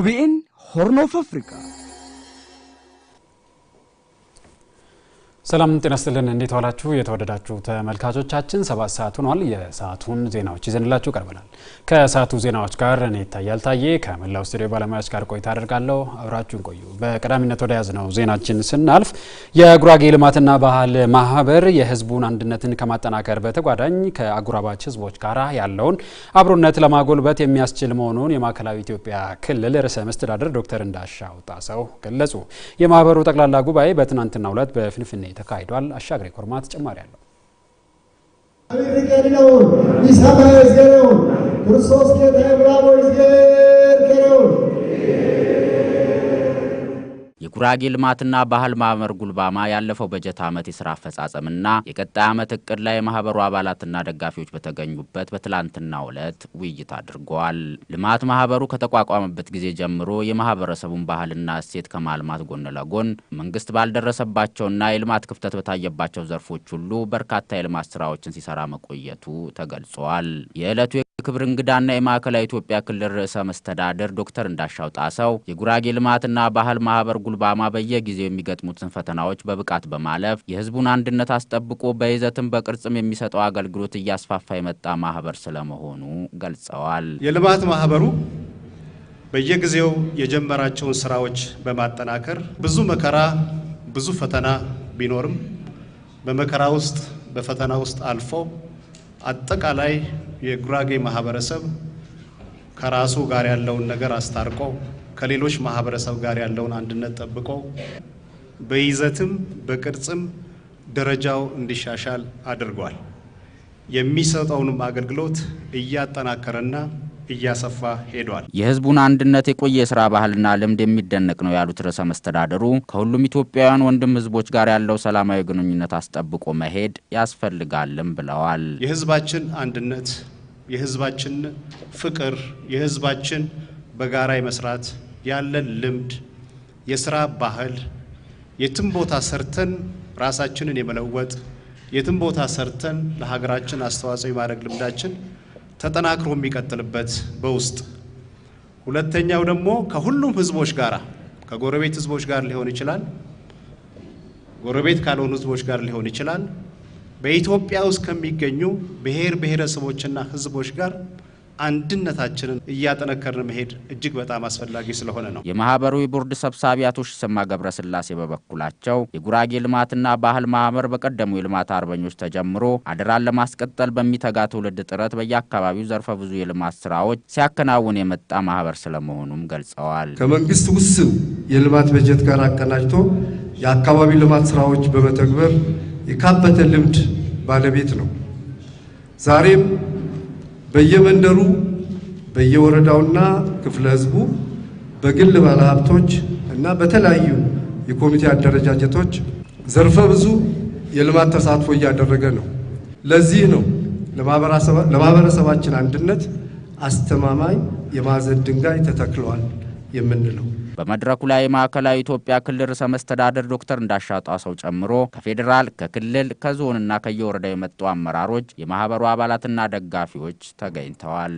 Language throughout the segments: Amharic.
OBN, Horn of Africa. ሰላም ጤና ይስጥልን። እንዴት ዋላችሁ? የተወደዳችሁ ተመልካቾቻችን ሰባት ሰዓት ሆኗል። የሰዓቱን ዜናዎች ይዘንላችሁ ቀርበናል። ከሰዓቱ ዜናዎች ጋር እኔ ይታያል ታዬ ከመላው ስቱዲዮ ባለሙያዎች ጋር ቆይታ አደርጋለሁ። አብራችሁን ቆዩ። በቀዳሚነት ወደ ያዝነው ዜናችን ስናልፍ የጉራጌ ልማትና ባህል ማህበር የህዝቡን አንድነትን ከማጠናከር በተጓዳኝ ከአጉራባች ህዝቦች ጋር ያለውን አብሮነት ለማጎልበት የሚያስችል መሆኑን የማዕከላዊ ኢትዮጵያ ክልል ርዕሰ መስተዳደር ዶክተር እንዳሻው ጣሰው ገለጹ። የማህበሩ ጠቅላላ ጉባኤ በትናንትናው ዕለት በፍንፍኔ ተካሂዷል። አሻግሬ ኮርማ ተጨማሪ አለው። ክርስቶስ ጌታ ጉራጌ ልማትና ባህል ማህበር ጉልባማ ያለፈው በጀት ዓመት የስራ አፈጻጸምና የቀጣይ ዓመት እቅድ ላይ የማህበሩ አባላትና ደጋፊዎች በተገኙበት በትላንትና ዕለት ውይይት አድርገዋል። ልማት ማህበሩ ከተቋቋመበት ጊዜ ጀምሮ የማህበረሰቡን ባህልና እሴት ከማልማት ጎን ለጎን መንግስት ባልደረሰባቸውና የልማት ክፍተት በታየባቸው ዘርፎች ሁሉ በርካታ የልማት ስራዎችን ሲሰራ መቆየቱ ተገልጿል። የዕለቱ የክብር እንግዳና የማዕከላዊ ኢትዮጵያ ክልል ርዕሰ መስተዳደር ዶክተር እንዳሻው ጣሰው የጉራጌ ልማትና ባህል ማህበር ጉልባ ዓላማ በየጊዜው የሚገጥሙትን ፈተናዎች በብቃት በማለፍ የህዝቡን አንድነት አስጠብቆ በይዘትም በቅርጽም የሚሰጠው አገልግሎት እያስፋፋ የመጣ ማህበር ስለመሆኑ ገልጸዋል። የልማት ማህበሩ በየጊዜው የጀመራቸውን ስራዎች በማጠናከር ብዙ መከራ ብዙ ፈተና ቢኖርም በመከራ ውስጥ በፈተና ውስጥ አልፎ አጠቃላይ የጉራጌ ማህበረሰብ ከራሱ ጋር ያለውን ነገር አስታርቆ ከሌሎች ማህበረሰብ ጋር ያለውን አንድነት ጠብቆ በይዘትም በቅርጽም ደረጃው እንዲሻሻል አድርጓል። የሚሰጠውንም አገልግሎት እያጠናከረና እያሰፋ ሄዷል። የህዝቡን አንድነት የቆየ ስራ ባህልና ልምድ የሚደነቅ ነው ያሉት ርዕሰ መስተዳደሩ ከሁሉም ኢትዮጵያውያን ወንድም ህዝቦች ጋር ያለው ሰላማዊ ግንኙነት አስጠብቆ መሄድ ያስፈልጋልም ብለዋል። የህዝባችን አንድነት፣ የህዝባችን ፍቅር፣ የህዝባችን በጋራ የመስራት ያለን ልምድ፣ የስራ ባህል የትም ቦታ ሰርተን ራሳችንን የመለወጥ የትም ቦታ ሰርተን ለሀገራችን አስተዋጽኦ የማድረግ ልምዳችን ተጠናክሮ የሚቀጥልበት በውስጥ ሁለተኛው ደግሞ ከሁሉም ህዝቦች ጋር ከጎረቤት ህዝቦች ጋር ሊሆን ይችላል፣ ጎረቤት ካልሆኑ ህዝቦች ጋር ሊሆን ይችላል። በኢትዮጵያ ውስጥ ከሚገኙ ብሔር ብሔረሰቦችና ህዝቦች ጋር አንድነታችንን እያጠነከርን መሄድ እጅግ በጣም አስፈላጊ ስለሆነ ነው። የማህበሩ ቦርድ ሰብሳቢ አቶ ሽሰማ ገብረስላሴ በበኩላቸው የጉራጌ ልማትና ባህል ማህበር በቀደሙ የልማት አርበኞች ተጀምሮ አደራን ለማስቀጠል በሚተጋ ትውልድ ጥረት በየአካባቢው ዘርፈ ብዙ የልማት ስራዎች ሲያከናውን የመጣ ማህበር ስለመሆኑም ገልጸዋል። ከመንግስት ውስን የልማት በጀት ጋር አቀናጅቶ የአካባቢ ልማት ስራዎች በመተግበር የካበተ ልምድ ባለቤት ነው። ዛሬም በየመንደሩ በየወረዳውና ክፍለ ህዝቡ በግል ባለሀብቶች እና በተለያዩ የኮሚቴ አደረጃጀቶች ዘርፈ ብዙ የልማት ተሳትፎ እያደረገ ነው። ለዚህ ነው ለማህበረሰባችን አንድነት አስተማማኝ የማዕዘን ድንጋይ ተተክለዋል። የምንለው። በመድረኩ ላይ ማዕከላዊ ኢትዮጵያ ክልል ርዕሰ መስተዳደር ዶክተር እንዳሻው ጣሰው ጨምሮ ከፌዴራል ከክልል ከዞንና ከየወረዳው የመጡ አመራሮች፣ የማህበሩ አባላትና ደጋፊዎች ተገኝተዋል።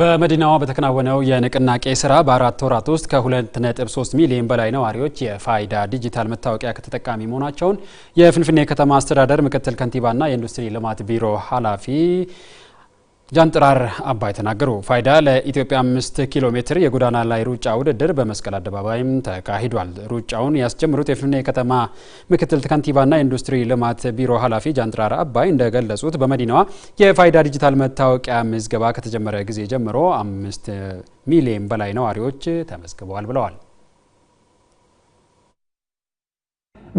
በመዲናዋ በተከናወነው የንቅናቄ ስራ በአራት ወራት ውስጥ ከ2.3 ሚሊዮን በላይ ነዋሪዎች የፋይዳ ዲጂታል መታወቂያ ከተጠቃሚ መሆናቸውን የፍንፍኔ ከተማ አስተዳደር ምክትል ከንቲባና የኢንዱስትሪ ልማት ቢሮ ኃላፊ ጃንጥራር አባይ ተናገሩ። ፋይዳ ለኢትዮጵያ አምስት ኪሎ ሜትር የጎዳና ላይ ሩጫ ውድድር በመስቀል አደባባይም ተካሂዷል። ሩጫውን ያስጀምሩት የፍኔ ከተማ ምክትል ከንቲባና የኢንዱስትሪ ልማት ቢሮ ኃላፊ ጃንጥራር አባይ እንደገለጹት በመዲናዋ የፋይዳ ዲጂታል መታወቂያ ምዝገባ ከተጀመረ ጊዜ ጀምሮ አምስት ሚሊዮን በላይ ነዋሪዎች ተመዝግበዋል ብለዋል።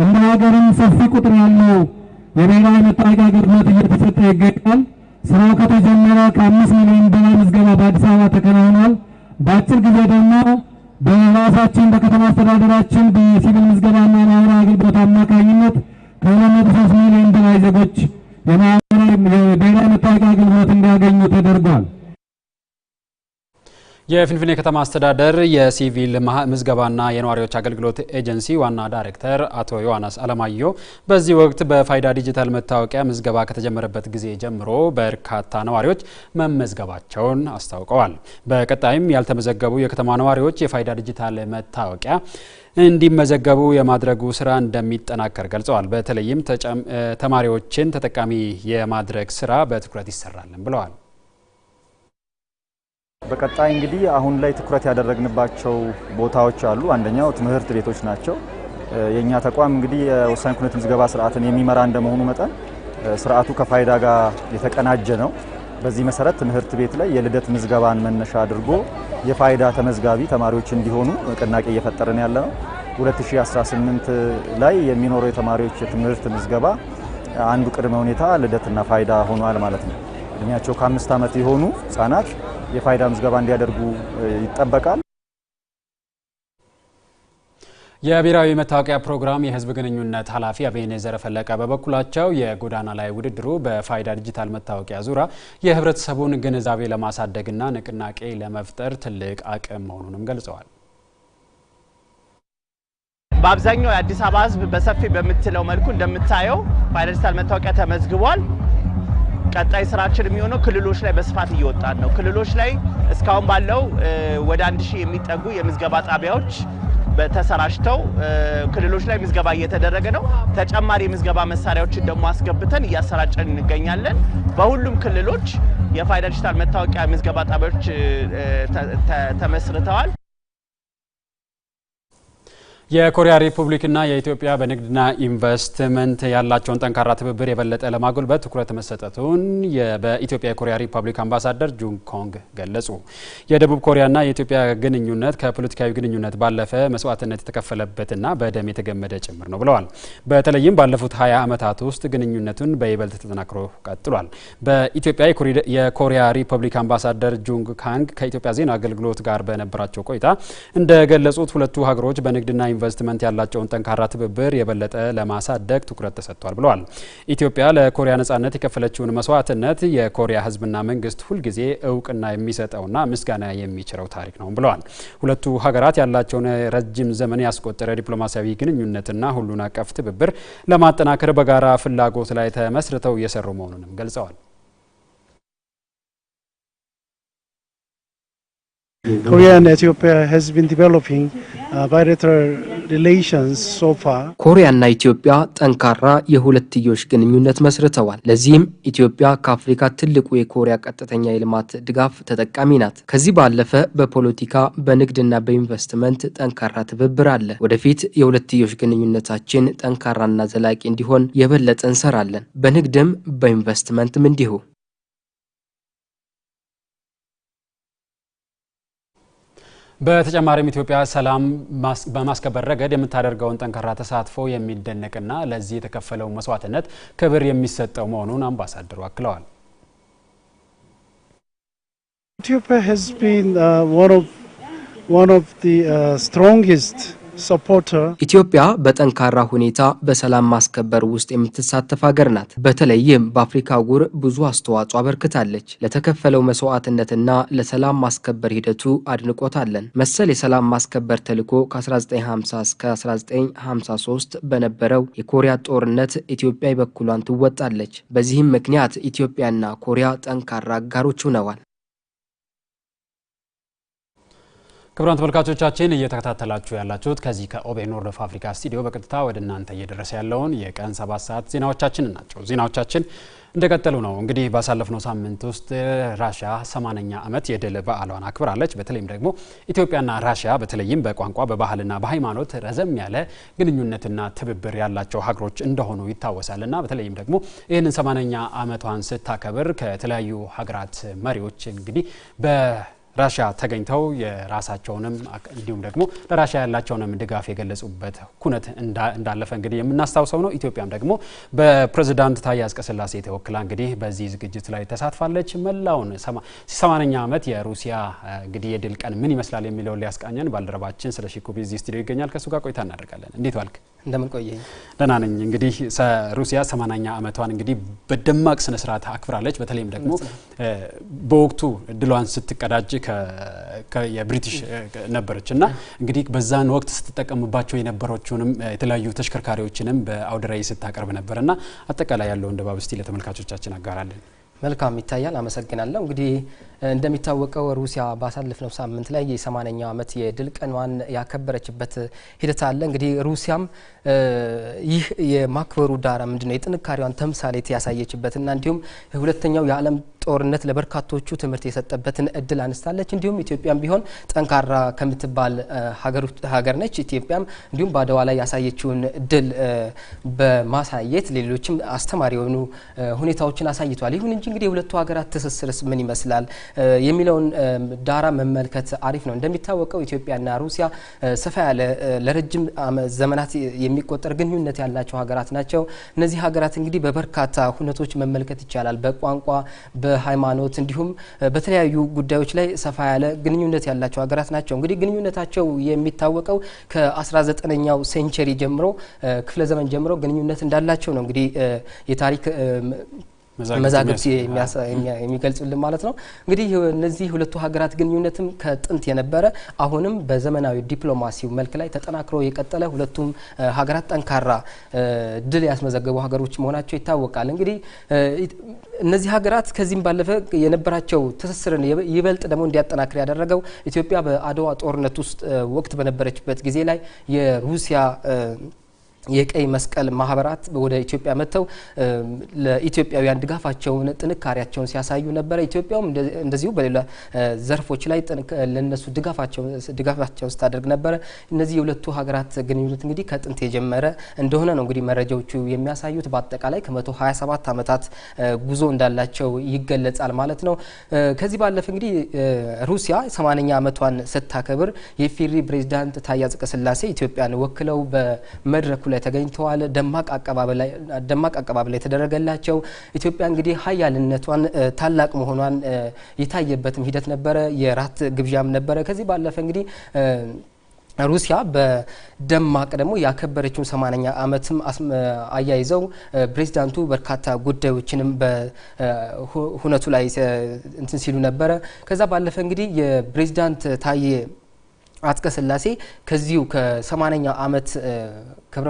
እንደ ሀገርም ሰፊ ቁጥር ያለው የብሔራዊ መታወቂያ አገልግሎት እየተሰጠ ይገኛል። ስራው ከተጀመረ ከአምስት ሚሊዮን በላይ ምዝገባ በአዲስ አበባ ተከናውኗል። በአጭር ጊዜ ደግሞ በራሳችን በከተማ አስተዳደራችን በሲቪል ምዝገባና ማህበራዊ አገልግሎት አማካኝነት ከሁለት መቶ ሶስት ሚሊዮን በላይ ዜጎች የማህበራዊ ብሔራዊ መታወቂያ አገልግሎት እንዲያገኙ ተደርጓል። የፊንፊኔ ከተማ አስተዳደር የሲቪል ምዝገባና የነዋሪዎች አገልግሎት ኤጀንሲ ዋና ዳይሬክተር አቶ ዮሐንስ አለማየሁ በዚህ ወቅት በፋይዳ ዲጂታል መታወቂያ ምዝገባ ከተጀመረበት ጊዜ ጀምሮ በርካታ ነዋሪዎች መመዝገባቸውን አስታውቀዋል። በቀጣይም ያልተመዘገቡ የከተማ ነዋሪዎች የፋይዳ ዲጂታል መታወቂያ እንዲመዘገቡ የማድረጉ ስራ እንደሚጠናከር ገልጸዋል። በተለይም ተማሪዎችን ተጠቃሚ የማድረግ ስራ በትኩረት ይሰራልን ብለዋል። በቀጣይ እንግዲህ አሁን ላይ ትኩረት ያደረግንባቸው ቦታዎች አሉ። አንደኛው ትምህርት ቤቶች ናቸው። የእኛ ተቋም እንግዲህ የወሳኝ ኩነት ምዝገባ ስርዓትን የሚመራ እንደመሆኑ መጠን ስርዓቱ ከፋይዳ ጋር የተቀናጀ ነው። በዚህ መሰረት ትምህርት ቤት ላይ የልደት ምዝገባን መነሻ አድርጎ የፋይዳ ተመዝጋቢ ተማሪዎች እንዲሆኑ ንቅናቄ እየፈጠርን ያለ ነው። 2018 ላይ የሚኖረው የተማሪዎች የትምህርት ምዝገባ አንዱ ቅድመ ሁኔታ ልደትና ፋይዳ ሆኗል ማለት ነው። እድሜያቸው ከአምስት ዓመት የሆኑ ህጻናት የፋይዳ ምዝገባ እንዲያደርጉ ይጠበቃል። የብሔራዊ መታወቂያ ፕሮግራም የህዝብ ግንኙነት ኃላፊ አቤኔዘር ፈለቀ በበኩላቸው የጎዳና ላይ ውድድሩ በፋይዳ ዲጂታል መታወቂያ ዙሪያ የህብረተሰቡን ግንዛቤ ለማሳደግና ንቅናቄ ለመፍጠር ትልቅ አቅም መሆኑንም ገልጸዋል። በአብዛኛው የአዲስ አበባ ህዝብ በሰፊ በምትለው መልኩ እንደምታየው ፋይዳ ዲጂታል መታወቂያ ተመዝግቧል። ቀጣይ ስራችን የሚሆነው ክልሎች ላይ በስፋት እየወጣን ነው። ክልሎች ላይ እስካሁን ባለው ወደ አንድ ሺህ የሚጠጉ የምዝገባ ጣቢያዎች ተሰራጭተው ክልሎች ላይ ምዝገባ እየተደረገ ነው። ተጨማሪ የምዝገባ መሳሪያዎችን ደግሞ አስገብተን እያሰራጨን እንገኛለን። በሁሉም ክልሎች የፋይዳ ዲጂታል መታወቂያ ምዝገባ ጣቢያዎች ተመስርተዋል። የኮሪያ ሪፑብሊክና የኢትዮጵያ በንግድና ኢንቨስትመንት ያላቸውን ጠንካራ ትብብር የበለጠ ለማጎልበት ትኩረት መሰጠቱን በኢትዮጵያ የኮሪያ ሪፐብሊክ አምባሳደር ጁን ኮንግ ገለጹ። የደቡብ ኮሪያና የኢትዮጵያ ግንኙነት ከፖለቲካዊ ግንኙነት ባለፈ መስዋዕትነት የተከፈለበትና በደም የተገመደ ጭምር ነው ብለዋል። በተለይም ባለፉት ሀያ ዓመታት ውስጥ ግንኙነቱን በይበልጥ ተጠናክሮ ቀጥሏል። በኢትዮጵያ የኮሪያ ሪፐብሊክ አምባሳደር ጁንግ ካንግ ከኢትዮጵያ ዜና አገልግሎት ጋር በነበራቸው ቆይታ እንደገለጹት ሁለቱ ሀገሮች በንግድና ኢንቨስትመንት ያላቸውን ጠንካራ ትብብር የበለጠ ለማሳደግ ትኩረት ተሰጥቷል ብለዋል። ኢትዮጵያ ለኮሪያ ነጻነት የከፈለችውን መስዋዕትነት የኮሪያ ህዝብና መንግስት ሁልጊዜ እውቅና የሚሰጠውና ምስጋና የሚችረው ታሪክ ነው ብለዋል። ሁለቱ ሀገራት ያላቸውን ረጅም ዘመን ያስቆጠረ ዲፕሎማሲያዊ ግንኙነትና ሁሉን አቀፍ ትብብር ለማጠናከር በጋራ ፍላጎት ላይ ተመስርተው እየሰሩ መሆኑንም ገልጸዋል። Korea and Ethiopia has been developing uh, bilateral ኮሪያና ኢትዮጵያ ጠንካራ የሁለትዮሽ ግንኙነት መስርተዋል። ለዚህም ኢትዮጵያ ከአፍሪካ ትልቁ የኮሪያ ቀጥተኛ የልማት ድጋፍ ተጠቃሚ ናት። ከዚህ ባለፈ በፖለቲካ በንግድና በኢንቨስትመንት ጠንካራ ትብብር አለ። ወደፊት የሁለትዮሽ ግንኙነታችን ጠንካራና ዘላቂ እንዲሆን የበለጠ እንሰራለን። በንግድም በኢንቨስትመንትም እንዲሁ በተጨማሪም ኢትዮጵያ ሰላም በማስከበር ረገድ የምታደርገውን ጠንካራ ተሳትፎ የሚደነቅና ለዚህ የተከፈለው መስዋዕትነት ክብር የሚሰጠው መሆኑን አምባሳደሩ አክለዋል። ኢትዮጵያ ኢትዮጵያ በጠንካራ ሁኔታ በሰላም ማስከበር ውስጥ የምትሳተፍ ሀገር ናት። በተለይም በአፍሪካ ጉር ብዙ አስተዋጽኦ አበርክታለች። ለተከፈለው መስዋዕትነትና ለሰላም ማስከበር ሂደቱ አድንቆታለን። መሰል የሰላም ማስከበር ተልዕኮ ከ1950 እስከ 1953 በነበረው የኮሪያ ጦርነት ኢትዮጵያ የበኩሏን ትወጣለች። በዚህም ምክንያት ኢትዮጵያና ኮሪያ ጠንካራ አጋሮች ሆነዋል። ክቡራን ተመልካቾቻችን እየተከታተላችሁ ያላችሁት ከዚህ ከኦቤን ኦፍ አፍሪካ ስቱዲዮ በቀጥታ ወደ እናንተ እየደረሰ ያለውን የቀን ሰባት ሰዓት ዜናዎቻችን ናቸው። ዜናዎቻችን እንደቀጠሉ ነው። እንግዲህ ባሳለፍነው ሳምንት ውስጥ ራሽያ ሰማነኛ አመት ዓመት የድል በዓሏን አክብራለች። በተለይም ደግሞ ኢትዮጵያና ራሽያ በተለይም በቋንቋ በባህልና በሃይማኖት ረዘም ያለ ግንኙነትና ትብብር ያላቸው ሀገሮች እንደሆኑ ይታወሳል በተለይም ደግሞ ይህንን ሰማነኛ አመቷን ዓመቷን ስታከብር ከተለያዩ ሀገራት መሪዎች እንግዲህ በ ራሽያ ተገኝተው የራሳቸውንም እንዲሁም ደግሞ ለራሽያ ያላቸውንም ድጋፍ የገለጹበት ኩነት እንዳለፈ እንግዲህ የምናስታውሰው ነው። ኢትዮጵያም ደግሞ በፕሬዝዳንት ታዬ አጽቀሥላሴ ተወክላ እንግዲህ በዚህ ዝግጅት ላይ ተሳትፋለች። መላውን ሰማንያኛ ዓመት የሩሲያ እንግዲህ የድል ቀን ምን ይመስላል የሚለውን ሊያስቃኘን ባልደረባችን ስለሺ ኩቢ እዚህ ስቱዲዮ ይገኛል። ከእሱ ጋር ቆይታ እናደርጋለን። እንዴት ዋልክ? እንደምን ቆየኝ? ደህና ነኝ። እንግዲህ ሩሲያ ሰማናኛ ዓመቷን እንግዲህ በደማቅ ስነ ስርዓት አክብራለች። በተለይም ደግሞ በወቅቱ ድሏን ስትቀዳጅ የብሪቲሽ ነበረች እና እንግዲህ በዛን ወቅት ስትጠቀምባቸው የነበረችውንም የተለያዩ ተሽከርካሪዎችንም በአውደ ስታቀርብ ነበር እና አጠቃላይ ያለውን ድባብ እስቲ ለተመልካቾቻችን አጋራለን። መልካም ይታያል። አመሰግናለሁ። እንግዲህ እንደሚታወቀው ሩሲያ ባሳለፍነው ሳምንት ላይ የ80ኛው ዓመት የድል ቀኗን ያከበረችበት ሂደት አለ። እንግዲህ ሩሲያም ይህ የማክበሩ ዳራ ምንድነው የጥንካሬዋን ተምሳሌት ያሳየችበትና እንዲሁም ሁለተኛው የዓለም ጦርነት ለበርካቶቹ ትምህርት የሰጠበትን እድል አነስታለች። እንዲሁም ኢትዮጵያም ቢሆን ጠንካራ ከምትባል ሀገር ነች። ኢትዮጵያም እንዲሁም በአድዋ ላይ ያሳየችውን እድል በማሳየት ሌሎችም አስተማሪ የሆኑ ሁኔታዎችን አሳይቷል። ይሁን እንጂ እንግዲህ የሁለቱ ሀገራት ትስስርስ ምን ይመስላል የሚለውን ዳራ መመልከት አሪፍ ነው። እንደሚታወቀው ኢትዮጵያና ሩሲያ ሰፋ ያለ ለረጅም ዘመናት የሚቆጠር ግንኙነት ያላቸው ሀገራት ናቸው። እነዚህ ሀገራት እንግዲህ በበርካታ ሁነቶች መመልከት ይቻላል። በቋንቋ፣ በሃይማኖት እንዲሁም በተለያዩ ጉዳዮች ላይ ሰፋ ያለ ግንኙነት ያላቸው ሀገራት ናቸው። እንግዲህ ግንኙነታቸው የሚታወቀው ከ19ኛው ሴንቸሪ ጀምሮ ክፍለ ዘመን ጀምሮ ግንኙነት እንዳላቸው ነው እንግዲህ የታሪክ መዛግብት የሚገልጹልን ማለት ነው። እንግዲህ እነዚህ ሁለቱ ሀገራት ግንኙነትም ከጥንት የነበረ አሁንም በዘመናዊ ዲፕሎማሲው መልክ ላይ ተጠናክሮ የቀጠለ ሁለቱም ሀገራት ጠንካራ ድል ያስመዘገቡ ሀገሮች መሆናቸው ይታወቃል። እንግዲህ እነዚህ ሀገራት ከዚህም ባለፈ የነበራቸው ትስስርን ይበልጥ ደግሞ እንዲያጠናክር ያደረገው ኢትዮጵያ በአድዋ ጦርነት ውስጥ ወቅት በነበረችበት ጊዜ ላይ የሩሲያ የቀይ መስቀል ማህበራት ወደ ኢትዮጵያ መጥተው ለኢትዮጵያውያን ድጋፋቸውን ጥንካሬያቸውን ሲያሳዩ ነበረ። ኢትዮጵያውም እንደዚሁ በሌላ ዘርፎች ላይ ለነሱ ድጋፋቸውን ስታደርግ ነበረ። እነዚህ የሁለቱ ሀገራት ግንኙነት እንግዲህ ከጥንት የጀመረ እንደሆነ ነው እንግዲህ መረጃዎቹ የሚያሳዩት። በአጠቃላይ ከ127 ዓመታት ጉዞ እንዳላቸው ይገለጻል ማለት ነው። ከዚህ ባለፈ እንግዲህ ሩሲያ 80ኛ ዓመቷን ስታከብር የኢፌዴሪ ፕሬዚዳንት ታዬ አጽቀሥላሴ ኢትዮጵያን ወክለው በመድረኩ ላይ ተገኝተዋል። ደማቅ አቀባበል የተደረገላቸው ኢትዮጵያ እንግዲህ ሀያልነቷን ታላቅ መሆኗን የታየበትም ሂደት ነበረ። የራት ግብዣም ነበረ። ከዚህ ባለፈ እንግዲህ ሩሲያ በደማቅ ደግሞ ያከበረችውን ሰማንያኛ ዓመትም አያይዘው ፕሬዚዳንቱ በርካታ ጉዳዮችንም በሁነቱ ላይ እንትን ሲሉ ነበረ። ከዛ ባለፈ እንግዲህ የፕሬዚዳንት ታዬ አጽቀ ሥላሴ ከዚሁ ከ80ኛው ዓመት ክብረ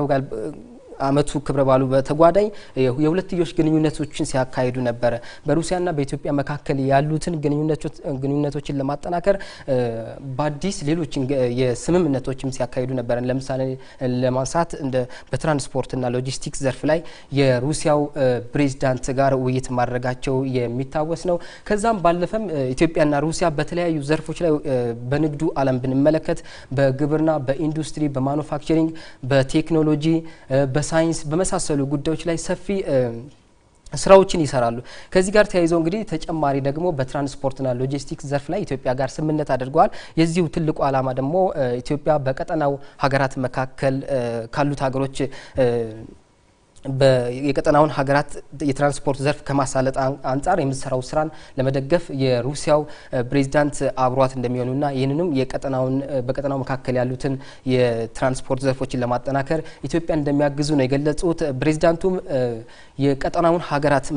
አመቱ ክብረ በዓሉ በተጓዳኝ የሁለትዮሽ ግንኙነቶችን ሲያካሂዱ ነበረ። በሩሲያና በኢትዮጵያ መካከል ያሉትን ግንኙነቶችን ለማጠናከር በአዲስ ሌሎች የስምምነቶችም ሲያካሂዱ ነበረ። ለምሳሌ ለማንሳት እንደ በትራንስፖርትና ሎጂስቲክስ ዘርፍ ላይ የሩሲያው ፕሬዚዳንት ጋር ውይይት ማድረጋቸው የሚታወስ ነው። ከዛም ባለፈም ኢትዮጵያና ሩሲያ በተለያዩ ዘርፎች ላይ በንግዱ ዓለም ብንመለከት በግብርና፣ በኢንዱስትሪ፣ በማኑፋክቸሪንግ፣ በቴክኖሎጂ በሳይንስ በመሳሰሉ ጉዳዮች ላይ ሰፊ ስራዎችን ይሰራሉ። ከዚህ ጋር ተያይዞ እንግዲህ ተጨማሪ ደግሞ በትራንስፖርትና ሎጂስቲክስ ዘርፍ ላይ ኢትዮጵያ ጋር ስምምነት አድርገዋል። የዚሁ ትልቁ ዓላማ ደግሞ ኢትዮጵያ በቀጠናው ሀገራት መካከል ካሉት ሀገሮች የቀጠናውን ሀገራት የትራንስፖርት ዘርፍ ከማሳለጥ አንጻር የምትሰራው ስራን ለመደገፍ የሩሲያው ፕሬዚዳንት አብሯት እንደሚሆኑና ይህንንም የቀጠናውን በቀጠናው መካከል ያሉትን የትራንስፖርት ዘርፎችን ለማጠናከር ኢትዮጵያ እንደሚያግዙ ነው የገለጹት። ፕሬዚዳንቱም የቀጠናውን ሀገራት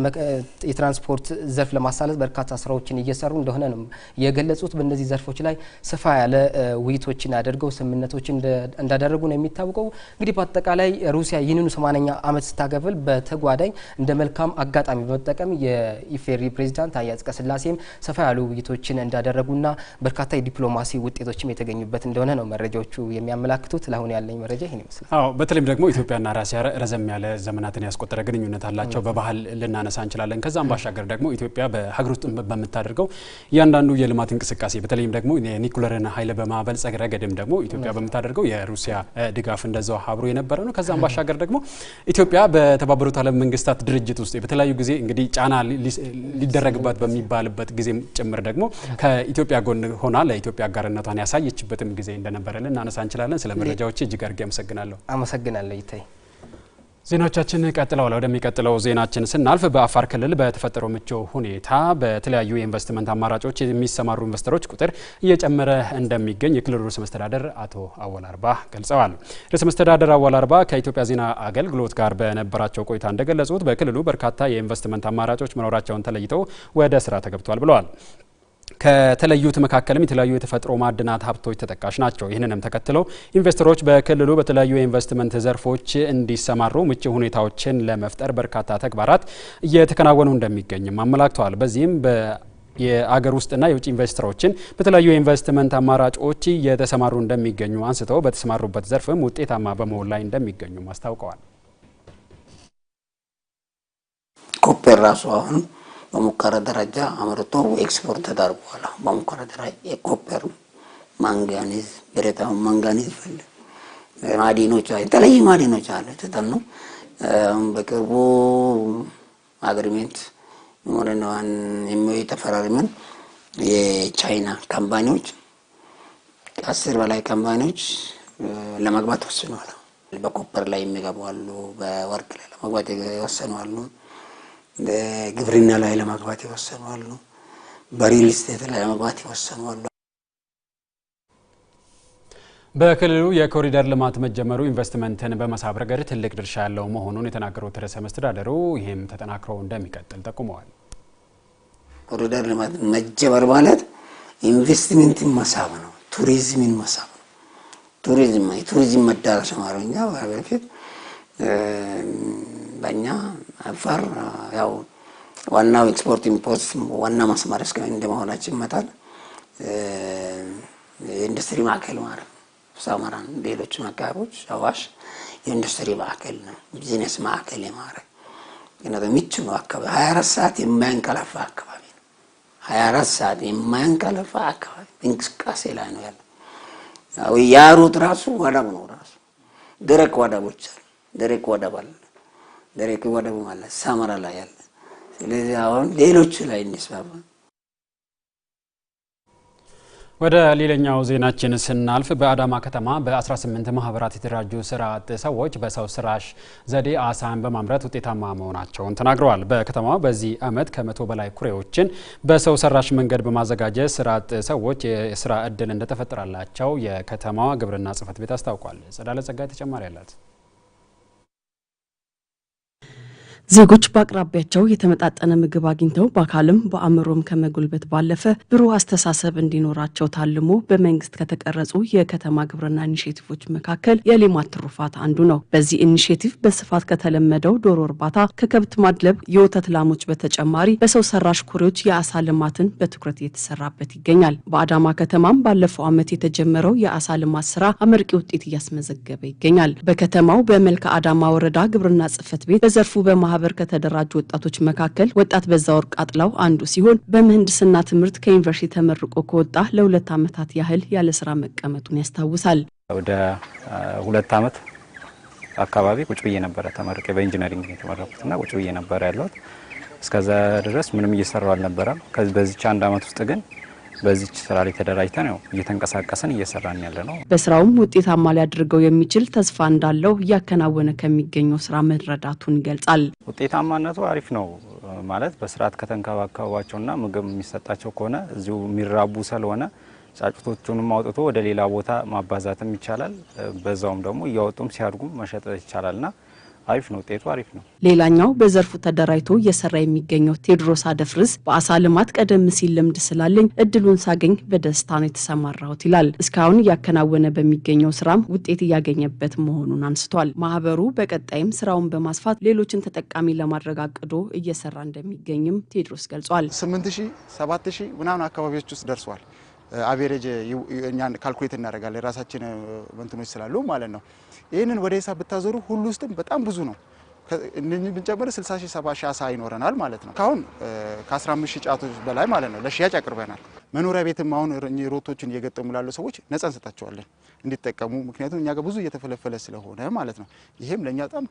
የትራንስፖርት ዘርፍ ለማሳለጥ በርካታ ስራዎችን እየሰሩ እንደሆነ ነው የገለጹት። በእነዚህ ዘርፎች ላይ ሰፋ ያለ ውይይቶችን አድርገው ስምምነቶችን እንዳደረጉ ነው የሚታወቀው። እንግዲህ በአጠቃላይ ሩሲያ ይህንኑ 8ኛ ዓመት ስታገብል በተጓዳኝ እንደ መልካም አጋጣሚ በመጠቀም የኢፌሪ ፕሬዚዳንት ታዬ አጽቀሥላሴም ሰፋ ያሉ ውይይቶችን እንዳደረጉና በርካታ የዲፕሎማሲ ውጤቶችም የተገኙበት እንደሆነ ነው መረጃዎቹ የሚያመላክቱት። ለአሁኑ ያለኝ መረጃ ይህን ይመስላል። አዎ በተለይም ደግሞ ኢትዮጵያና ራሲያ ረዘም ያለ ዘመናትን ያስቆጠረ ግንኙነት አላቸው። በባህል ልናነሳ እንችላለን። ከዛም ባሻገር ደግሞ ኢትዮጵያ በሀገር ውስጥ በምታደርገው እያንዳንዱ የልማት እንቅስቃሴ በተለይም ደግሞ የኒኩለርን ኃይል በማበልጸግ ረገድም ደግሞ ኢትዮጵያ በምታደርገው የሩሲያ ድጋፍ እንደዛው አብሮ የነበረ ነው። ከዛም ባሻገር ደግሞ ኢትዮጵያ በተባበሩት ዓለም መንግስታት ድርጅት ውስጥ በተለያዩ ጊዜ እንግዲህ ጫና ሊደረግባት በሚባልበት ጊዜም ጭምር ደግሞ ከኢትዮጵያ ጎን ሆና ለኢትዮጵያ አጋርነቷን ያሳየችበትም ጊዜ እንደነበረ ልናነሳ እንችላለን። ስለ መረጃዎች እጅግ አድርጌ አመሰግናለሁ። አመሰግናለሁ ይታይ ዜናዎቻችን ቀጥለዋል። ወደሚቀጥለው ዜናችን ስናልፍ በአፋር ክልል በተፈጠረው ምቹ ሁኔታ በተለያዩ የኢንቨስትመንት አማራጮች የሚሰማሩ ኢንቨስተሮች ቁጥር እየጨመረ እንደሚገኝ የክልሉ ርዕሰ መስተዳደር አቶ አወል አርባ ገልጸዋል። ርዕሰ መስተዳደር አወል አርባ ከኢትዮጵያ ዜና አገልግሎት ጋር በነበራቸው ቆይታ እንደገለጹት በክልሉ በርካታ የኢንቨስትመንት አማራጮች መኖራቸውን ተለይተው ወደ ስራ ተገብቷል ብለዋል። ከተለዩት መካከልም የተለያዩ የተፈጥሮ ማዕድናት ሀብቶች ተጠቃሽ ናቸው። ይህንንም ተከትሎ ኢንቨስተሮች በክልሉ በተለያዩ የኢንቨስትመንት ዘርፎች እንዲሰማሩ ምቹ ሁኔታዎችን ለመፍጠር በርካታ ተግባራት እየተከናወኑ እንደሚገኝም አመላክተዋል። በዚህም የአገር ውስጥና የውጭ ኢንቨስተሮችን በተለያዩ የኢንቨስትመንት አማራጮች እየተሰማሩ እንደሚገኙ አንስተው በተሰማሩበት ዘርፍም ውጤታማ በመሆን ላይ እንደሚገኙም አስታውቀዋል። ኮፔ ራሱ አሁን በሙከራ ደረጃ አምርቶ ኤክስፖርት ተዳርጓል። በሙከራ ደረጃ የኮፐር ማንጋኒዝ፣ ብረታ ማንጋኒዝ ይፈልግ ማዲኖች የተለያዩ ማዲኖች አለ ተጠኑ። በቅርቡ አግሪሜንት ሆነነዋን የተፈራርመን የቻይና ካምፓኒዎች ከአስር በላይ ካምፓኒዎች ለመግባት ወስነዋል። በኮፐር ላይ የሚገቡ አሉ፣ በወርቅ ላይ ለመግባት የወሰኑ አሉ። ግብርና ላይ ለመግባት የወሰኑ አሉ። በሪል ስቴት ላይ ለመግባት የወሰኑ አሉ። በክልሉ የኮሪደር ልማት መጀመሩ ኢንቨስትመንትን በመሳብ ረገድ ትልቅ ድርሻ ያለው መሆኑን የተናገሩት ርዕሰ መስተዳደሩ ይህም ተጠናክሮ እንደሚቀጥል ጠቁመዋል። ኮሪደር ልማት መጀመር ማለት ኢንቨስትመንትን መሳብ ነው፣ ቱሪዝምን መሳብ ነው። ቱሪዝም የቱሪዝም መዳረሻ ማረኛ በፊት በእኛ አፋር ያው ዋናው ኤክስፖርት ኢምፖርት ዋና ማስማሪያ እስከ እንደመሆናችን መጣል የኢንዱስትሪ ማዕከል ማለት ሳማራን፣ ሌሎችም አካባቢዎች አዋሽ የኢንዱስትሪ ማዕከል ነው፣ ቢዝነስ ማዕከል የማድረግ ምክንያቱም ምቹ ነው አካባቢ ሀያ አራት ሰዓት የማያንቀላፋ አካባቢ ነው። ሀያ አራት ሰዓት የማያንቀላፋ አካባቢ እንቅስቃሴ ላይ ነው ያለ። ያ ሩት ራሱ ወደብ ነው ራሱ ደረቅ ወደቦች አሉ። ደረቅ ወደብ አለ ደረቅ ወደቡ ማለት ሳመራ ላይ ያለ። ስለዚህ አሁን ሌሎች ላይ እንስባባ። ወደ ሌላኛው ዜናችን ስናልፍ በአዳማ ከተማ በ18 ማህበራት የተደራጁ ስራ አጥ ሰዎች በሰው ስራሽ ዘዴ አሳን በማምረት ውጤታማ መሆናቸውን ተናግረዋል። በከተማው በዚህ ዓመት ከመቶ በላይ ኩሬዎችን በሰው ሰራሽ መንገድ በማዘጋጀት ስራ አጥ ሰዎች የስራ እድል እንደተፈጠራላቸው የከተማዋ ግብርና ጽህፈት ቤት አስታውቋል። ጸዳለ ጸጋይ ተጨማሪ አላት። ዜጎች በአቅራቢያቸው የተመጣጠነ ምግብ አግኝተው በአካልም በአእምሮም ከመጎልበት ባለፈ ብሩህ አስተሳሰብ እንዲኖራቸው ታልሞ በመንግስት ከተቀረጹ የከተማ ግብርና ኢኒሽቲቮች መካከል የሌማት ትሩፋት አንዱ ነው። በዚህ ኢኒሽቲቭ በስፋት ከተለመደው ዶሮ እርባታ፣ ከከብት ማድለብ፣ የወተት ላሞች በተጨማሪ በሰው ሰራሽ ኩሬዎች የአሳ ልማትን በትኩረት እየተሰራበት ይገኛል። በአዳማ ከተማም ባለፈው ዓመት የተጀመረው የአሳ ልማት ስራ አመርቂ ውጤት እያስመዘገበ ይገኛል። በከተማው በመልካ አዳማ ወረዳ ግብርና ጽህፈት ቤት በዘርፉ በማ ማህበር ከተደራጁ ወጣቶች መካከል ወጣት በዛ ወርቅ አጥላው አንዱ ሲሆን በምህንድስና ትምህርት ከዩኒቨርሲቲ ተመርቆ ከወጣ ለሁለት ዓመታት ያህል ያለ ስራ መቀመጡን ያስታውሳል። ወደ ሁለት ዓመት አካባቢ ቁጭ ብዬ ነበረ ተመርቄ በኢንጂነሪንግ የተመረኩትና ቁጭ ብዬ ነበረ ያለሁት። እስከዛ ድረስ ምንም እየሰራው አልነበረም። በዚች አንድ ዓመት ውስጥ ግን በዚች ስራ ላይ ተደራጅተን ያው እየተንቀሳቀሰን እየሰራን ያለ ነው። በስራውም ውጤታማ ሊያደርገው የሚችል ተስፋ እንዳለው እያከናወነ ከሚገኘው ስራ መረዳቱን ይገልጻል። ውጤታማነቱ አሪፍ ነው ማለት በስርዓት ከተንከባከባቸውና ምግብ የሚሰጣቸው ከሆነ እዚሁ የሚራቡ ስለሆነ ጫጩቶቹንም አውጥቶ ወደ ሌላ ቦታ ማባዛትም ይቻላል። በዛውም ደግሞ እያወጡም ሲያድጉም መሸጥ ይቻላልና አሪፍ ነው፣ ውጤቱ አሪፍ ነው። ሌላኛው በዘርፉ ተደራጅቶ እየሰራ የሚገኘው ቴዎድሮስ አደፍርስ በአሳ ልማት ቀደም ሲል ልምድ ስላለኝ እድሉን ሳገኝ በደስታ ነው የተሰማራሁት ይላል። እስካሁን እያከናወነ በሚገኘው ስራም ውጤት እያገኘበት መሆኑን አንስቷል። ማህበሩ በቀጣይም ስራውን በማስፋት ሌሎችን ተጠቃሚ ለማድረግ አቅዶ እየሰራ እንደሚገኝም ቴዎድሮስ ገልጿል። ስምንት ሺህ ሰባት ሺህ ምናምን አካባቢዎች ውስጥ ደርሷል። አቬሬጅ እኛን ካልኩሌት እናደርጋለን የራሳችን እንትኖች ስላሉ ማለት ነው ይህንን ወደ ሂሳብ ብታዞሩ ሁሉ ውስጥም በጣም ብዙ ነው። ብንጨምር 60 ሺህ 70 ሺህ አሳ ይኖረናል ማለት ነው። ካሁን ከ15 ሺህ ጫቶች በላይ ማለት ነው ለሽያጭ አቅርበናል። መኖሪያ ቤትም አሁን ሮቶችን እየገጠሙ ላሉ ሰዎች ነጻ እንሰጣቸዋለን እንዲጠቀሙ። ምክንያቱም እኛ ጋር ብዙ እየተፈለፈለ ስለሆነ ማለት ነው። ይህም ለእኛ በጣም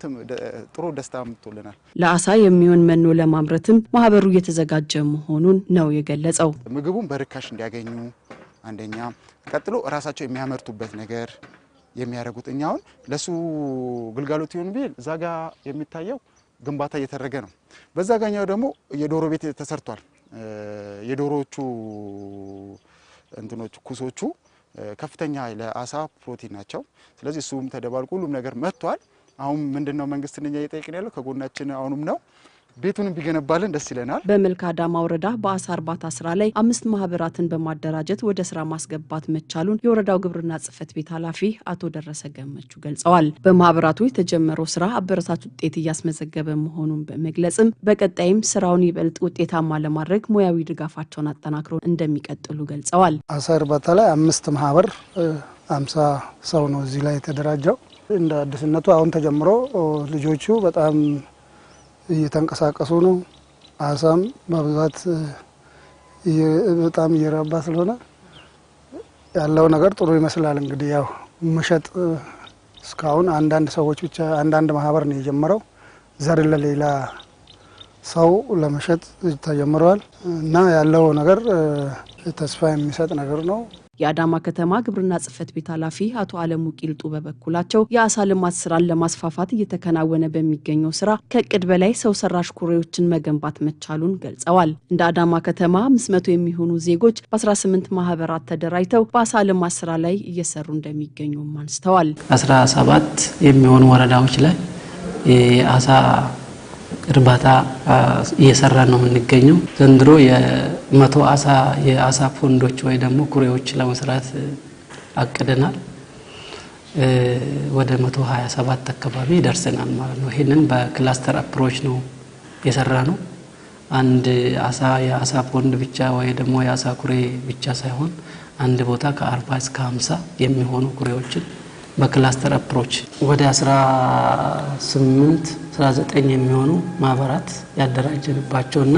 ጥሩ ደስታ አምጥቶልናል። ለአሳ የሚሆን መኖ ለማምረትም ማህበሩ እየተዘጋጀ መሆኑን ነው የገለጸው። ምግቡን በርካሽ እንዲያገኙ አንደኛ፣ ቀጥሎ እራሳቸው የሚያመርቱበት ነገር የሚያደርጉት። እኛ አሁን ለሱ ግልጋሎት ይሁን ቢል እዛ ጋ የሚታየው ግንባታ እየተደረገ ነው። በዛ ጋኛው ደግሞ የዶሮ ቤት ተሰርቷል። የዶሮዎቹ እንትኖቹ ኩሶቹ ከፍተኛ ለአሳ ፕሮቲን ናቸው። ስለዚህ እሱም ተደባልቁ ሁሉም ነገር መጥቷል። አሁን ምንድነው መንግስትን እኛ እየጠየቅን ያለው ከጎናችን አሁንም ነው ቤቱንም ቢገነባልን ደስ ይለናል። በመልካ አዳማ ወረዳ በአሳ እርባታ ስራ ላይ አምስት ማህበራትን በማደራጀት ወደ ስራ ማስገባት መቻሉን የወረዳው ግብርና ጽህፈት ቤት ኃላፊ አቶ ደረሰ ገመቹ ገልጸዋል። በማህበራቱ የተጀመረው ስራ አበረታች ውጤት እያስመዘገበ መሆኑን በመግለጽም በቀጣይም ስራውን ይበልጥ ውጤታማ ለማድረግ ሙያዊ ድጋፋቸውን አጠናክረው እንደሚቀጥሉ ገልጸዋል። አሳ እርባታ ላይ አምስት ማህበር አምሳ ሰው ነው እዚህ ላይ የተደራጀው። እንደ አዲስነቱ አሁን ተጀምሮ ልጆቹ በጣም እየተንቀሳቀሱ ነው። አሳም በብዛት በጣም እየረባ ስለሆነ ያለው ነገር ጥሩ ይመስላል። እንግዲህ ያው መሸጥ እስካሁን አንዳንድ ሰዎች ብቻ አንዳንድ ማህበር ነው የጀመረው። ዘር ለሌላ ሰው ለመሸጥ ተጀምረዋል እና ያለው ነገር ተስፋ የሚሰጥ ነገር ነው። የአዳማ ከተማ ግብርና ጽህፈት ቤት ኃላፊ አቶ አለሙ ቂልጡ በበኩላቸው የአሳ ልማት ስራን ለማስፋፋት እየተከናወነ በሚገኘው ስራ ከእቅድ በላይ ሰው ሰራሽ ኩሬዎችን መገንባት መቻሉን ገልጸዋል። እንደ አዳማ ከተማ ምስ መቶ የሚሆኑ ዜጎች በ18 ማህበራት ተደራጅተው በአሳ ልማት ስራ ላይ እየሰሩ እንደሚገኙም አንስተዋል። 17 የሚሆኑ ወረዳዎች ላይ የአሳ እርባታ እየሰራ ነው የምንገኘው። ዘንድሮ የመቶ አሳ የአሳ ፎንዶች ወይ ደግሞ ኩሬዎች ለመስራት አቅደናል። ወደ መቶ 127 አካባቢ ደርሰናል ማለት ነው። ይህንን በክላስተር አፕሮች ነው የሰራ ነው። አንድ አሳ የአሳ ፎንድ ብቻ ወይ ደግሞ የአሳ ኩሬ ብቻ ሳይሆን አንድ ቦታ ከ40 እስከ 50 የሚሆኑ ኩሬዎችን በክላስተር አፕሮች ወደ 18 19 የሚሆኑ ማህበራት እና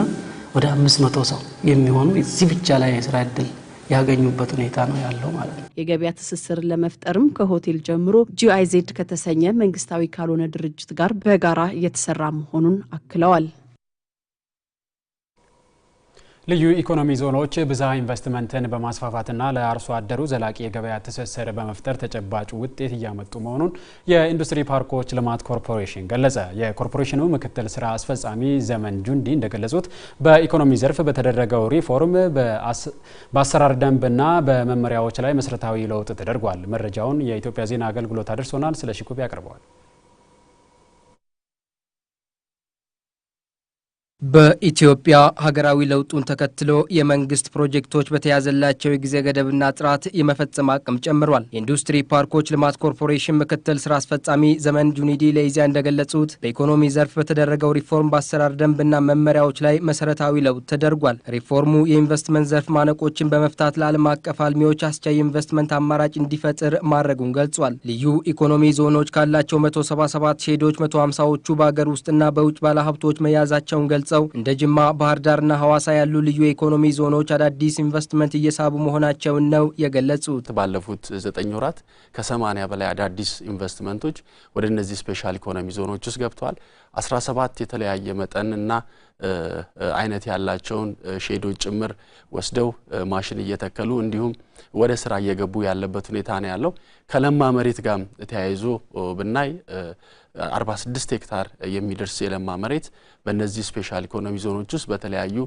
ወደ 500 ሰው የሚሆኑ እዚህ ብቻ ላይ የስራ እድል ያገኙበት ሁኔታ ነው ያለው ማለት ነው። የገበያ ትስስርን ለመፍጠርም ከሆቴል ጀምሮ ጂአይዜድ ከተሰኘ መንግስታዊ ካልሆነ ድርጅት ጋር በጋራ እየተሰራ መሆኑን አክለዋል። ልዩ ኢኮኖሚ ዞኖች ብዛ ኢንቨስትመንትን በማስፋፋትና ለአርሶ አደሩ ዘላቂ የገበያ ትስስር በመፍጠር ተጨባጭ ውጤት እያመጡ መሆኑን የኢንዱስትሪ ፓርኮች ልማት ኮርፖሬሽን ገለጸ። የኮርፖሬሽኑ ምክትል ስራ አስፈጻሚ ዘመን ጁንዲ እንደገለጹት በኢኮኖሚ ዘርፍ በተደረገው ሪፎርም በአሰራር ደንብና በመመሪያዎች ላይ መሰረታዊ ለውጥ ተደርጓል። መረጃውን የኢትዮጵያ ዜና አገልግሎት አድርሶናል። ስለ ሽኩቤ ያቀርበዋል። በኢትዮጵያ ሀገራዊ ለውጡን ተከትሎ የመንግስት ፕሮጀክቶች በተያዘላቸው የጊዜ ገደብና ጥራት የመፈጸም አቅም ጨምሯል። የኢንዱስትሪ ፓርኮች ልማት ኮርፖሬሽን ምክትል ስራ አስፈጻሚ ዘመን ጁኒዲ ለኢዜአ እንደገለጹት በኢኮኖሚ ዘርፍ በተደረገው ሪፎርም በአሰራር ደንብና መመሪያዎች ላይ መሰረታዊ ለውጥ ተደርጓል። ሪፎርሙ የኢንቨስትመንት ዘርፍ ማነቆችን በመፍታት ለዓለም አቀፍ አልሚዎች አስቻይ ኢንቨስትመንት አማራጭ እንዲፈጥር ማድረጉን ገልጿል። ልዩ ኢኮኖሚ ዞኖች ካላቸው 177 ሼዶች 150ዎቹ በአገር ውስጥና በውጭ ባለሀብቶች መያዛቸውን ገልጿል። ገልጸው እንደ ጅማ፣ ባህር ዳርና ሐዋሳ ያሉ ልዩ የኢኮኖሚ ዞኖች አዳዲስ ኢንቨስትመንት እየሳቡ መሆናቸውን ነው የገለጹት። ባለፉት ዘጠኝ ወራት ከሰማኒያ በላይ አዳዲስ ኢንቨስትመንቶች ወደ እነዚህ ስፔሻል ኢኮኖሚ ዞኖች ውስጥ ገብተዋል። 17 የተለያየ መጠንና አይነት ያላቸውን ሼዶች ጭምር ወስደው ማሽን እየተከሉ እንዲሁም ወደ ስራ እየገቡ ያለበት ሁኔታ ነው ያለው። ከለማ መሬት ጋር ተያይዞ ብናይ 46 ሄክታር የሚደርስ የለማ መሬት በእነዚህ ስፔሻል ኢኮኖሚ ዞኖች ውስጥ በተለያዩ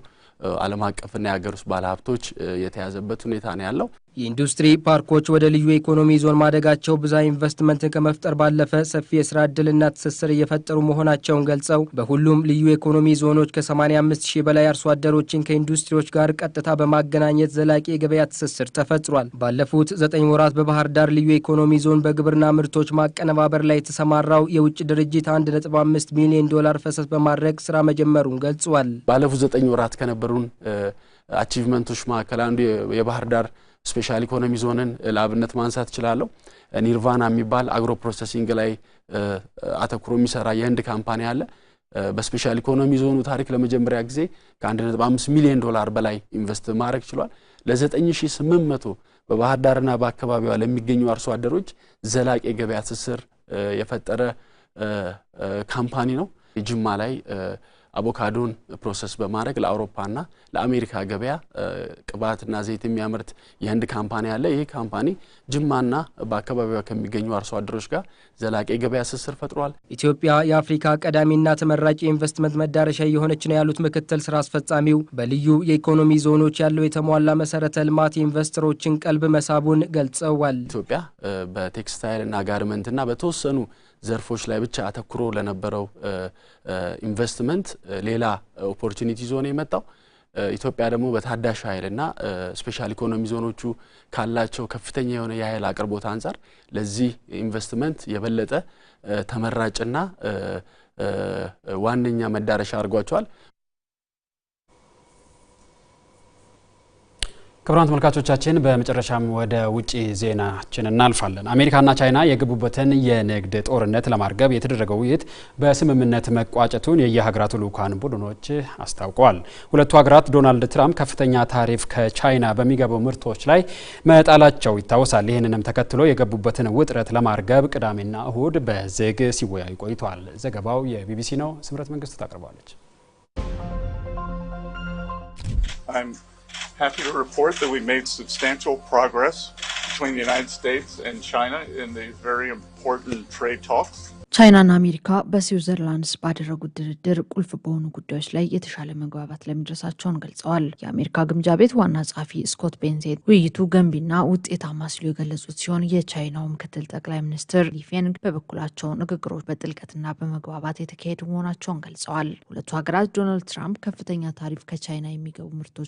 ዓለም አቀፍና የሀገር ውስጥ ባለሀብቶች የተያዘበት ሁኔታ ነው ያለው። የኢንዱስትሪ ፓርኮች ወደ ልዩ ኢኮኖሚ ዞን ማደጋቸው ብዛ ኢንቨስትመንትን ከመፍጠር ባለፈ ሰፊ የስራ ዕድልና ትስስር እየፈጠሩ መሆናቸውን ገልጸው በሁሉም ልዩ ኢኮኖሚ ዞኖች ከ85 ሺህ በላይ አርሶ አደሮችን ከኢንዱስትሪዎች ጋር ቀጥታ በማገናኘት ዘላቂ የገበያ ትስስር ተፈጥሯል። ባለፉት ዘጠኝ ወራት በባህር ዳር ልዩ ኢኮኖሚ ዞን በግብርና ምርቶች ማቀነባበር ላይ የተሰማራው የውጭ ድርጅት 1.5 ሚሊዮን ዶላር ፈሰስ በማድረግ ስራ መጀመሩን ገልጿል። ባለፉት ዘጠኝ ወራት ከነበሩን አቺቭመንቶች መካከል አንዱ የባህር ዳር ስፔሻል ኢኮኖሚ ዞንን ለአብነት ማንሳት እችላለሁ። ኒርቫና የሚባል አግሮ ፕሮሰሲንግ ላይ አተኩሮ የሚሰራ የህንድ ካምፓኒ አለ። በስፔሻል ኢኮኖሚ ዞኑ ታሪክ ለመጀመሪያ ጊዜ ከ1.5 ሚሊዮን ዶላር በላይ ኢንቨስት ማድረግ ችሏል። ለ9800 በባህር ዳርና በአካባቢዋ ለሚገኙ አርሶ አደሮች ዘላቂ የገበያ ትስስር የፈጠረ ካምፓኒ ነው። ጅማ ላይ አቮካዶን ፕሮሰስ በማድረግ ለአውሮፓና ለአሜሪካ ገበያ ቅባትና ዘይት የሚያመርት የህንድ ካምፓኒ አለ። ይህ ካምፓኒ ጅማና በአካባቢዋ ከሚገኙ አርሶ አደሮች ጋር ዘላቂ የገበያ ስስር ፈጥሯል። ኢትዮጵያ የአፍሪካ ቀዳሚና ተመራጭ የኢንቨስትመንት መዳረሻ የሆነች ነው ያሉት ምክትል ስራ አስፈጻሚው በልዩ የኢኮኖሚ ዞኖች ያለው የተሟላ መሰረተ ልማት የኢንቨስተሮችን ቀልብ መሳቡን ገልጸዋል። ኢትዮጵያ በቴክስታይልና ጋርመንትና በተወሰኑ ዘርፎች ላይ ብቻ አተኩሮ ለነበረው ኢንቨስትመንት ሌላ ኦፖርቹኒቲ ዞን የመጣው ኢትዮጵያ ደግሞ በታዳሽ ኃይልና ስፔሻል ኢኮኖሚ ዞኖቹ ካላቸው ከፍተኛ የሆነ የኃይል አቅርቦት አንጻር ለዚህ ኢንቨስትመንት የበለጠ ተመራጭና ዋነኛ መዳረሻ አድርጓቸዋል። ክቡራን ተመልካቾቻችን በመጨረሻም ወደ ውጭ ዜናችን እናልፋለን። አሜሪካና ቻይና የገቡበትን የንግድ ጦርነት ለማርገብ የተደረገው ውይይት በስምምነት መቋጨቱን የየሀገራቱ ልኡካን ቡድኖች አስታውቀዋል። ሁለቱ ሀገራት ዶናልድ ትራምፕ ከፍተኛ ታሪፍ ከቻይና በሚገቡ ምርቶች ላይ መጣላቸው ይታወሳል። ይህንንም ተከትሎ የገቡበትን ውጥረት ለማርገብ ቅዳሜና እሁድ በዝግ ሲወያዩ ቆይተዋል። ዘገባው የቢቢሲ ነው። ስምረት መንግስቱ ታቀርባለች። Happy to report that we made substantial progress between the United States and China in the very important trade talks. ቻይናና አሜሪካ በስዊዘርላንድስ ባደረጉት ድርድር ቁልፍ በሆኑ ጉዳዮች ላይ የተሻለ መግባባት ለመድረሳቸውን ገልጸዋል። የአሜሪካ ግምጃ ቤት ዋና ጸሐፊ ስኮት ቤንሴት ውይይቱ ገንቢና ውጤታማ ሲሉ የገለጹት ሲሆን የቻይናው ምክትል ጠቅላይ ሚኒስትር ሊፌንግ በበኩላቸው ንግግሮች በጥልቀትና በመግባባት የተካሄዱ መሆናቸውን ገልጸዋል። ሁለቱ ሀገራት ዶናልድ ትራምፕ ከፍተኛ ታሪፍ ከቻይና የሚገቡ ምርቶች